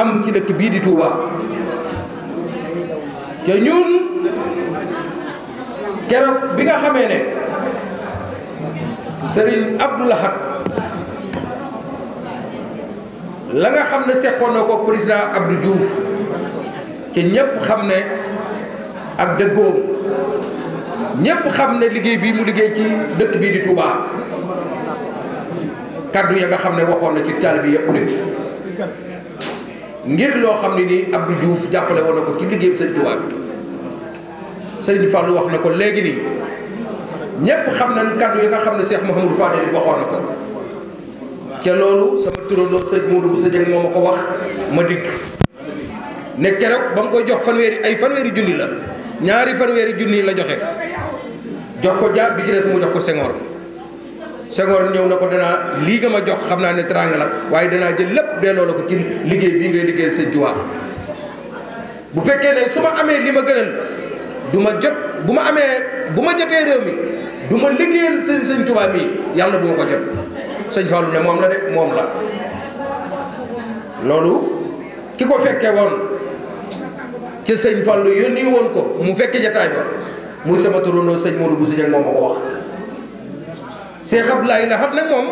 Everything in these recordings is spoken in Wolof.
am ci dëkk bii di Touba te ñun keroog bi nga xamee ne Serigne Abdou Lahad la nga xam ne seqoon na ko président Abdou Diouf te ñëpp xam ne ak dëggoom ñëpp xam ne liggéey bi mu liggéey ci dëkk bii di Touba kaddu ya nga xam ne waxoon na ci taal bi yëpp ngir loo xam ne ni Abdou Diouf jàppale woon na ko ci liggéeyam seen Tuubaa sëñ Fallou wax na ko léegi nii ñépp xam nañ kàddu yi nga xam ne seex Cheikh Mouhamadou Fadel waxoon na ko ca loolu sama turandoo sëñ Modou Bousso Dieng moo ma ko wax ma dikk ne keroog ba mu koy jox fanweeri ay fanweeri junni la ñaari fanweeri junni la joxe jox ko jaar bi ci des mu jox ko Senghor Senghor ñëw na ko danaa lii nga ma jox xam naa ne teraanga la waaye danaa jël lépp delloo la ko ci liggéey bii ngay liggéey Sëñ Tuubaa bu fekkee ne su ma amee li ma gënal du ma jot bu ma amee bu ma jotee réew mi du ma liggéeyal sëñ sëñ Tuubaa mii yàlla bu ma ko jot sëñ Fallou ne moom la de moom la loolu ki ko fekkee woon ci sëñ Fallou yónni woon ko mu fekkee jataay ba muy sama turandoo sëñ Modou Bousso Dieng moom ma ko wax Cheikh Abdoulaye Lahad nag moom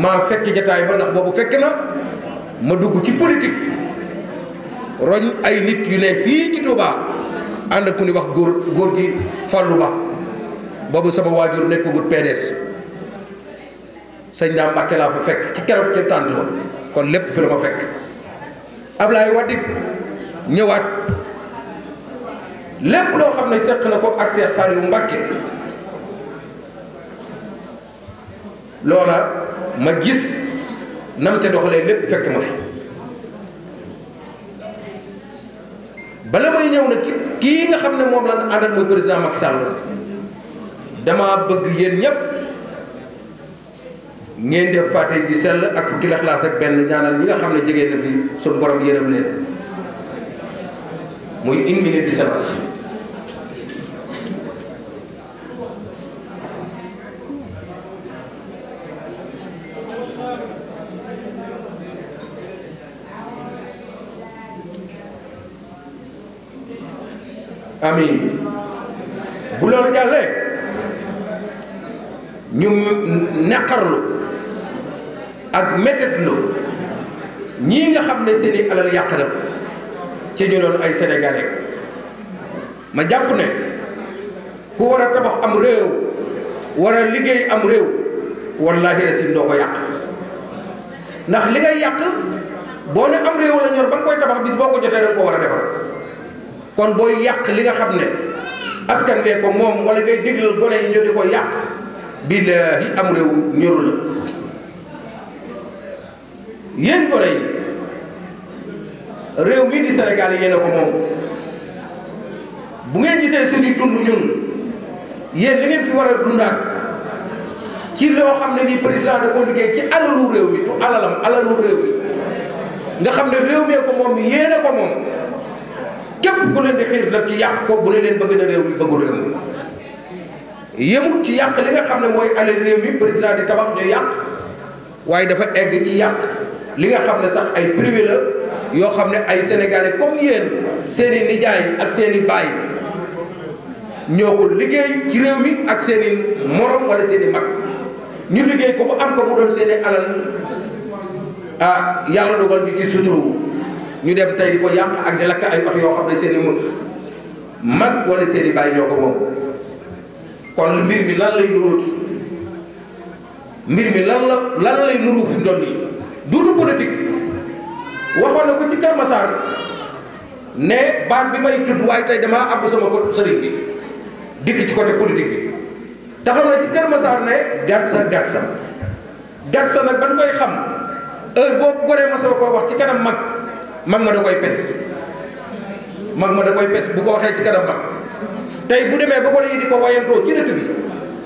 maa fekk jataay ba ndax boobu fekk na ma dugg ci politique roñ ay nit yu ne fii ci Touba ànd ku ni wax góor góor gi Fallou Ba boobu sama waajur nekkagul PDS sëñ Daam Mbàkke laa fa fekk ci keroog ci tànt ma kon lépp fi la ma fekk Ablaye Wade ñëwaat lépp loo xam ne seq na ko ak Cheikh Saliou Mbacke loola ma gis nam te doxalee lépp fekk ma fi bala may ñëw na kii nga xam ne moom lan àndal mooy président Macky Sall dama bëgg yéen ñépp ngeen def fàtte gi sell ak fukki laxlaas ak benn ñaanal ñi nga xam ne jege na fi suñu borom yërëm leen muy une minute di amiin bu loolu jàllee ñu naqarlu ak métitlu ñii nga xam ne seeni alal yàq na ci ñu doon ay sénégalais ma jàpp ne ku war a tabax am réew war a liggéey am réew wallaahi rasim doo ko yàq ndax li ngay yàq boo ne am réew la ñor ba nga koy tabax bis boo ko jotee rek koo war a defar kon booy yàq li nga xam ne askan wee ko moom wala ngay déglu gone yi ñu di ko yàq billaahi am réew ñoru la yéen gone yi réew mii di Sénégal yéen a ko moom bu ngeen gisee suñuy dund ñun yéen li ngeen fi war a dundaat ci loo xam ne nii président de koo liggéey ci alalu réew mi du alalam alalu réew mi nga xam ne réew mee ko moom yéen ko moom képp ku leen di xiir la ci yàq ko bu leen leen bëgg na réew mi bëggul yëmut ci yàq li nga xam ne mooy alal réew mi président di tabax ñu yàq waaye dafa egg ci yàq li nga xam ne sax ay privé yoo xam ne ay sénégalais comme yéen seeni nijaay ak seeni baay ñoo ko liggéey ci réew mi ak seeni morom wala seeni mag ñu liggéey ko bu am ko mu doon seeni alal ah yàlla dogal ñu ci suturu ñu dem tey di ko yàq ak di lakk ay oto yoo xam ne seen i mag wala seeni i bàyyi ñoo ko moom kon mbir mi lan lay nuróoti la lan lay nuru fi mu doon duutu politique waxoon na ko ci Kër Massar ne baat bi may tudd waaye tey damaa àbb sama ko sëriñ bi dikk ci côté politique bi taxaw na ci Kër Massar ne gatsa gatsa gatsa nag ban koy xam heure boobu goree ma soo koo wax ci kanam mag mag ma da koy pes mag ma da koy pes bu ko waxee ci kanam mag tey bu demee ba ko yi di ko wayantoo ci dëkk bi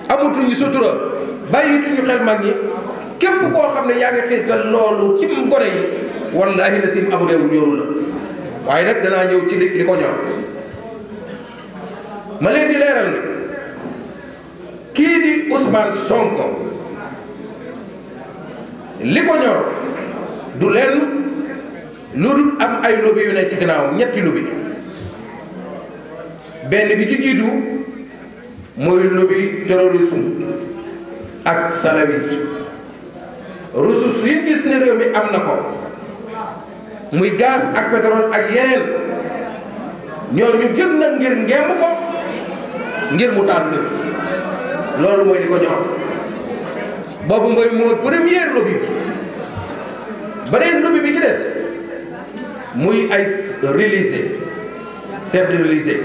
amatuñu sutura bàyyituñu xel mag ñi képp koo xam ne yaa ngi xiirtal loolu ci gone yi wallaahi la sim abu réew ñoru la waaye nag danaa ñëw ci li li ko ñor ma leen di leeral ne kii di Ousmane Sonko li ko ñor du leen lu dul am ay lobby yu ne ci gannaaw ñetti lobby benn bi ci jiitu mooy lobby terrorisme ak salafisme ressources yi gis ne réew mi am na ko muy gaz ak pétrole ak yeneen ñooñu jël na ngir ngemb ko ngir mu taal loolu mooy di ko ñor boobu mooy mooy première lobby bi beneen lobby bi ci des. muy ay religieux chef de religieux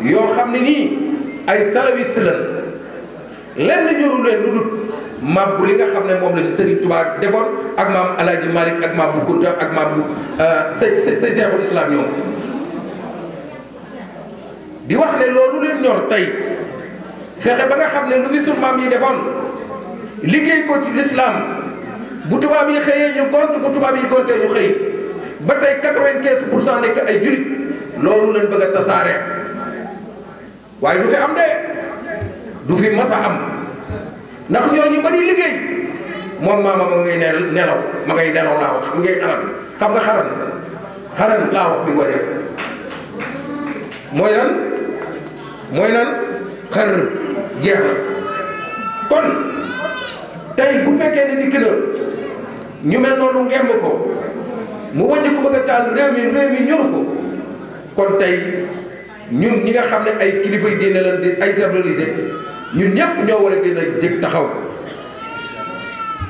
yoo xam ne nii ay salawis lan lenn ñoru leen lu dul màbbu li nga xam ne moom la fi Serigne Touba defoon ak maam El Hadj Malick ak maam bu Kunta ak maam bu euh, say say say Seexul Islam ñoom di wax ne loolu leen ñor tey fexe ba nga xam ne lu fi suñu maam yi defoon liggéey ko ci lislaam bu tubaab yi xëyee ñu gont bu tubaab yi gontee ñu xëy. ba tey quatre-vingt-quinze pour cent nekk ay jullit loolu lañ bëgg a tasaare waaye du fi am de du fi masa am ndax ñooñu bari liggéey moom maama ma ngay nelaw ma ngay nelaw laa wax mi ngay xaran xam nga xaran xaran laa wax bi ko def mooy lan mooy lan xar jeex na kon tey bu fekkee ne dikk na ñu mel noonu ngemb ko mu wàññi ko bëgg a taal réew mi réew mi ñoru ko kon tey ñun ñi nga xam ne ay kilifa yi diine lan di ay chef religieux ñun ñëpp ñoo war a gën a jëg taxaw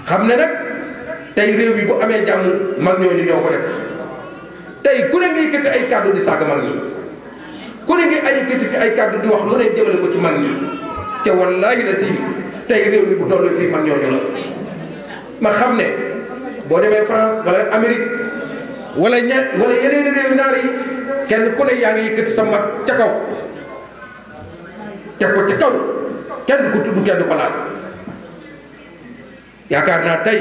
xam ne nag tey réew mi bu amee jàmm mag ñooñu ñoo ko def tey ku ne ngay yëkkati ay kàddu di saaga mag ñi ku ne ngi ay yëkkati ay kàddu di wax lu ne jëmale ko ci mag ñi te wallaahi la si tey réew mi bu tollu fii mag ñooñu la ma xam ne boo demee France wala Amérique. wala ña wala yeneen réew naar yi kenn ku ne yaa ngi yëkkati sa mag ca kaw teg ko ca kaw kenn ku ko tudd kenn du yaakaar naa tey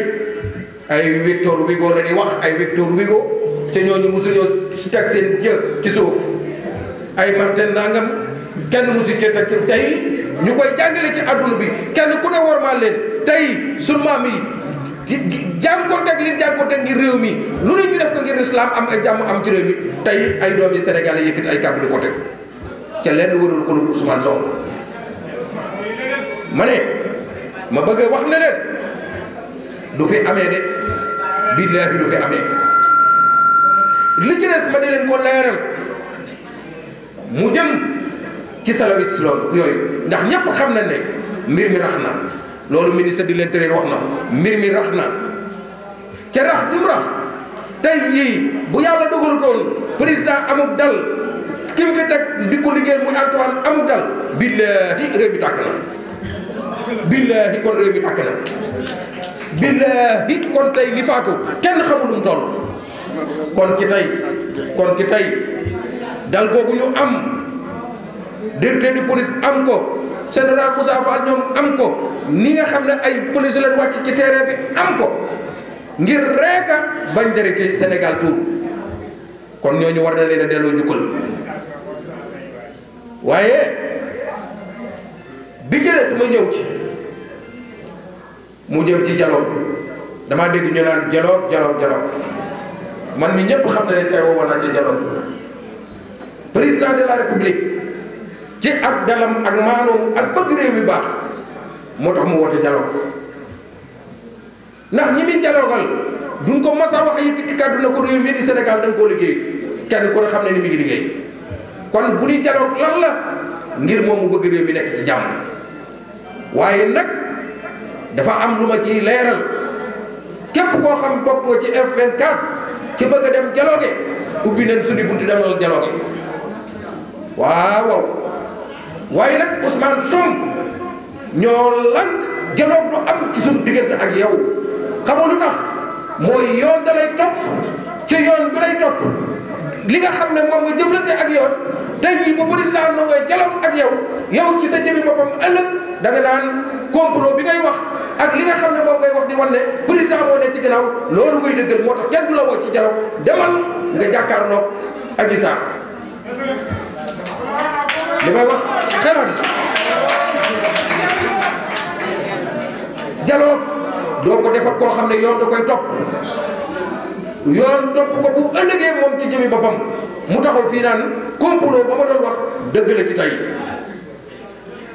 ay Victor Hugo la ñuy wax ay Victor Hugo te ñooñu mosuñoo si teg seen jë ci suuf ay Martin nangam kenn mosu cee teg tey ñu koy jàngale ci àdduna bi kenn ku ne war leen tey sunu maam yi. jànkonteeg li jànkonteeg ngir réew mi lu ne bi def ko ngir islam am ay jàmm am ci tey ay doomi Sénégal yi yëkkati ay kàddu di ko teg ca lenn warul ko lu Ousmane Sonko ma ne ma bëgg wax ne leen du fi amee de bi du fi amee li ci des ma di leen ko leeral mu jëm ci salawis loolu yooyu ndax ñëpp xam nañ ne mbir mi rax na loolu ministre leen l'intérieur wax na mbir mi rax na ca rax dum rax tey jii bu yàlla dogalutoon président amuk dal ki mu fi teg di ko liggéey muy Antoine amuk dal billaahi réew mi tàkk na billaahi kon réew mi tàkk na billaahi kon tey li faatu kenn xamul lu mu kon ci tey kon ci tey dal googu ñu am directeur de police am ko général Moussa Fall ñoom am ko ni nga xam ne ay police leen wàcc ci terrain bi am ko ngir rek a bañ ci Sénégal tuur kon ñooñu war na leen a delloo njukkal waaye bi ci sama ñëw ci mu jëm ci dialogue dama dégg ñu naan dialogue dialogue dialogue man mi ñëpp xam na ne tey woo naa ci dialogue président de la république. ci ak dalam ak maanoom ak bëgg réew mi baax moo tax mu woote dialogue ndax ñi muy dialogal duñ ko mas a wax yëkkati kàddu na ko réew mi di Sénégal da koo liggéey kenn ku ne xam ne ni mi ngi liggéey kon bu ñuy dialogue lan la ngir moom mu bëgg réew mi nekk ci jàmm waaye nag dafa am lu ma ciy leeral képp koo xam bokkoo ci F24 ci bëgg a dem dialogue ubbi su suñu buntu demal dialogue waaw. waaye nag Ousmane Sonko ñoo lànk dialogue du am ci suñu diggante ak yow xamoo lu tax mooy yoon da lay topp ci yoon bi lay topp li nga xam ne moom nga jëflante ak yoon tey jii bu président na koy dialogue ak yow yow ci sa jëmi boppam ëllëg da nga naan complot bi ngay wax ak li nga xam ne moom ngay wax di wan ne président moo ne ci gannaaw loolu ngay dëggal moo tax kenn du la woo ci dialogue demal nga jàkkaarloo ak Issa li may wax xeran dialogue doo ko def koo xam ne yoon da koy topp yoon topp ko bu ëllëgee moom ci jëmi boppam mu taxaw fii naan complot ba ma doon wax dëgg la ci tey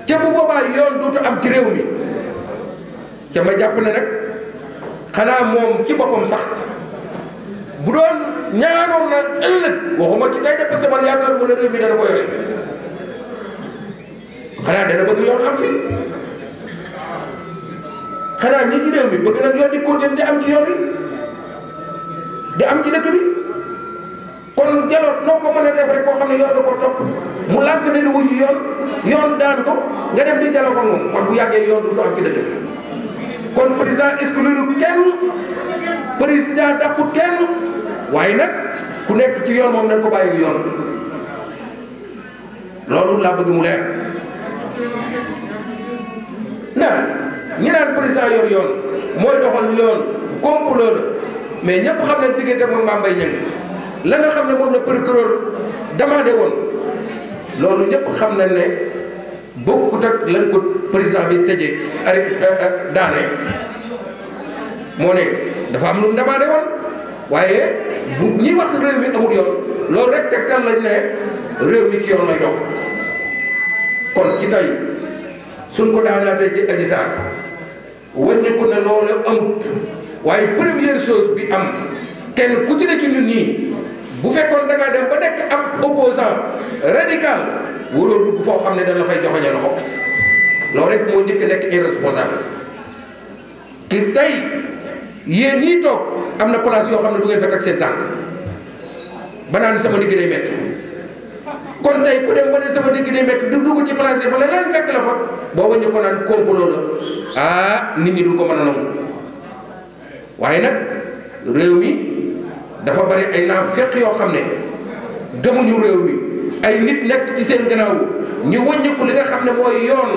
ca bu boobaa yoon duutu am ci réew mi ca ma jàpp ne rek xanaa moom ci boppam sax bu doon ñaaroon na ëllëg waxuma ci tey de parce que man yaakaaruma ne réew mi dana ko yore xanaa dana bëgg yoon am fi xanaa ñi ci réew mi bëgg nañ yoon di continuer di am ci yoon wi di am ci dëkk bi kon jaloot noo ko mën a def rek koo xam ne yoon da ko topp mu lànk ne di wuj yoon yoon ko nga dem kon bu yàggee yoon du am ci dëkk kon président exclure kenn président dàqu kenn waaye nag ku nekk ci yoon moom nañ ko bàyyi yoon loolu laa bëgg mu leer ñi naan président yor yoon mooy doxal yoon complot la mais ñëpp xam ne diggante moom Mame Mbaye Niang la nga xam ne moom la procureur demandé woon loolu ñëpp xam nañ ne bokkut ak lañ ko président bi tëjee arrêt daane moo ne dafa am lu mu demandé woon waaye bu ñi wax réew mi amul yoon loolu rek tegtal lañ ne réew mi ci yoon la dox kon ci tey suñ ko daanaatee ci aji saar wàññiku na noonu amut waaye première chose bi am kenn ku ci ne ci ñun ñii bu fekkoon da ngaa dem ba nekk ab opposant radical waroo dugg foo xam ne dana fay joxoñe loxo loolu rek moo njëkk nekk irresponsable ki tey yéen ñii toog am na place yoo xam ne du ngeen fa teg seen tànk ba naan sama liggéey day métti kon tey ku dem ba ne sama digg day métti du dugg ci place ba leneen fekk la fa booba ñu ko naan complot la ah nit ñi du ko mën a waaye nag réew mi dafa bari ay naa naafeq yoo xam ne gëmuñu réew mi ay nit nekk ci seen gannaaw ñu wàññiku li nga xam ne mooy yoon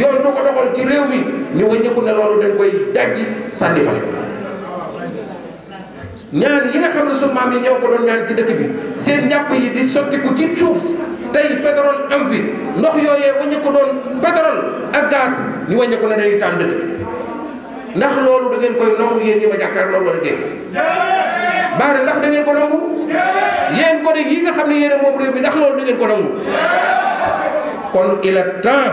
yoon du ko doxal ci réew mi ñu wàññiku ne loolu dañ koy dajji sànni fale ñaan yi nga xam ne sunu maam yi ñoo ko doon ñaan ci dëkk bi seen njàpp yi di sottiku ci suuf tey pétrole am fi ndox yooyee waññi ko doon pétrole ak gaas ñu waññi ko ne dañuy taal dëkk ndax loolu da ngeen koy nangu yéen ñi ma jàkkaar loolu da ngeen ko nangu yéen ko dégg yi nga xam ne yéen a moom réew mi ndax loolu da ngeen ko nangu kon il est temps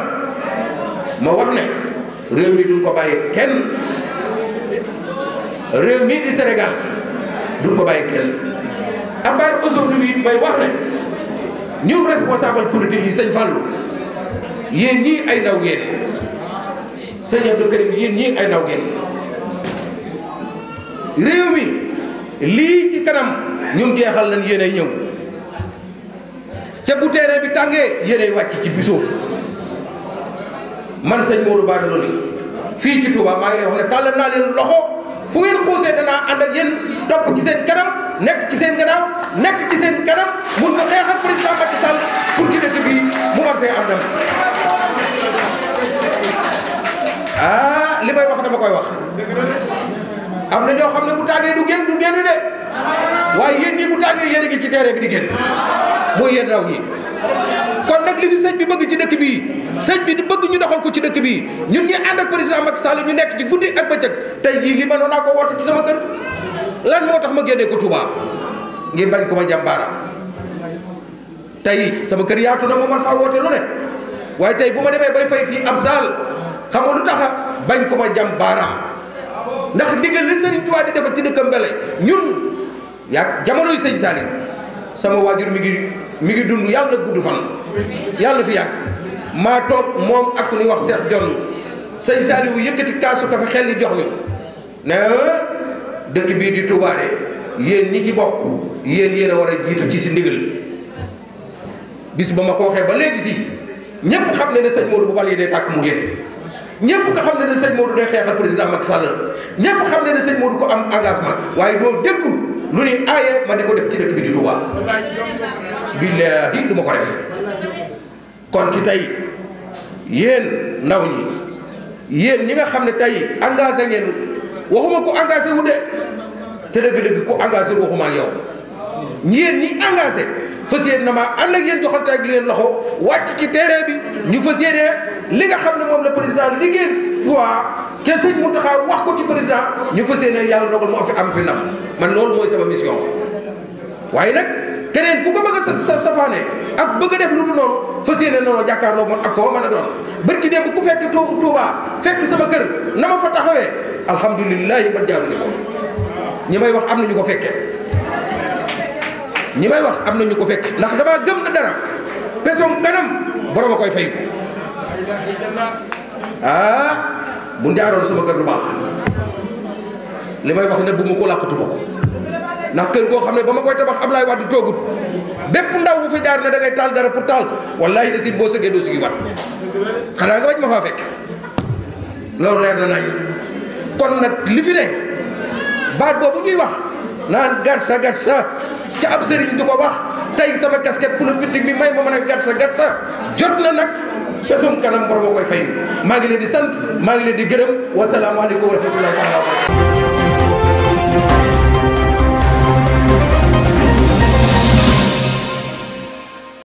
ma wax ne réew mi duñ ko bàyyi kenn réew mii di Sénégal duñ ko bàyyi kenn à part aujourd'hui bay wax ne ñun responsable politique yi sañ Fallou yéen ñii ay ndaw ngeen sëñ Abdou Karim yéen ñii ay ndaw ngeen réew mi lii ci kanam ñun jeexal lañ yéenay ñëw ca bu terrain bi tàngee yéenay wàcc ci bi suuf man sëñ Modou Bara Dolly fii ci Touba maa ngi lay wax ne tàllal naa leen loxo. fu ngeen xuusee danaa ànd ak yéen topp ci seen kanam nekk ci seen gannaaw nekk ci seen kanam mun nga xeex ak président Macky Sall pour que dëkk bi mu war fee am ndam ah li may wax dama koy wax am na ñoo xam ne bu tàggee du génn du génn de waaye yéen ñii bu tàggee yéen a ngi ci terrain bi di génn muy yéen raw yi. kon nag li fi sëñ bi bëgg ci dëkk bii sëñ bi di bëgg ñu doxal ko ci dëkk bii ñun ñi ànd ak président Macky Sall ñu nekk ci guddi ak bëccëg tey jii li mënoon naa ko woote ci sama kër lan moo tax ma génnee ko Touba bañ ko ma tey sama kër yaatu na ma man faa woote lu ne waaye tey bu ma demee bay fay fii ab saal xamoo lu tax bañ ko ma jam baaraam ndax ndigal li Sëriñ Tuubaa di defar ci dëkkam mbele ñun yaa jamonoy sëñ Saliou sama waajur mi ngi mi ngi dund yàlla gudd fan yàlla fi yàgg maa toog moom ak ku ñuy wax Cheikh Jonn sëñ Saliou yëkkati kaasu kafe xel li jox mi ne dëkk bii di Touba yéen ñi ci bokk yéen yéen a war a jiitu ci si ndigal bis ba ma ko waxee ba léegi si ñépp xam ne ne sëñ Modou bu bal yi day tàkk mu génn ñëpp nga xam ne ne sëñ Modou day xeexal président Macky Sall ñëpp xam ne ne sëñ Modou ko am engagement waaye doo dëkku lu ne aaye ma di ko def ci dëkk bi di Touba billaahi du ma ko def kon ci tey yéen ndaw ñi yéen ñi nga xam ne tey engagé ngeen waxuma ko engagé wu de te dëgg-dëgg ko engagé waxuma ak yow ñi yéen ñi engagé fas yéene na maa ànd ak yéen joxante ak leen loxo wàcc ci terrain bi ñu fas yéene li nga xam ne moom la président liggéey si waa ca sëñ Mountakha wax ko ci président ñu fas yéene yàlla dogal mu am fi am man loolu mooy sama mission. waaye nag keneen ku ko bëgg a sa safaane ak bëgg def lu du noonu fas yéene noonu jàkkaarloo man ak koo mën a doon barki démb ku fekk Touba fekk sama kër na ma fa taxawee alhamdulilah yi man jaaruñu ko ñi may wax am na ñu ko fekkee. ñi may wax am na ñu ko fekk ndax damaa gëm na dara pesom kanam borom a koy fayu ah bu njaaroon sama kër du baax li may wax ne bu mu ko làqatu ko ndax kër goo xam ne ba ma koy tabax am wax di toogut bépp ndaw bu fi jaar ne da taal dara pour taal ko wallahi da boo sëggee doo sigi wat xanaa nga bañ ma faa fekk loolu leer na nañ kon nag li fi ne baat boobu ñuy wax naan gatsa gatsa ca ab sëriñ du ko wax tey sama casquette politique bi may ma mën a gatsa gatsa jot na nag bésum kanam borom a koy fay maa ngi leen di sant maa ngi leen di gërëm wa wasalaamaaleykum wa rahmatullahi taala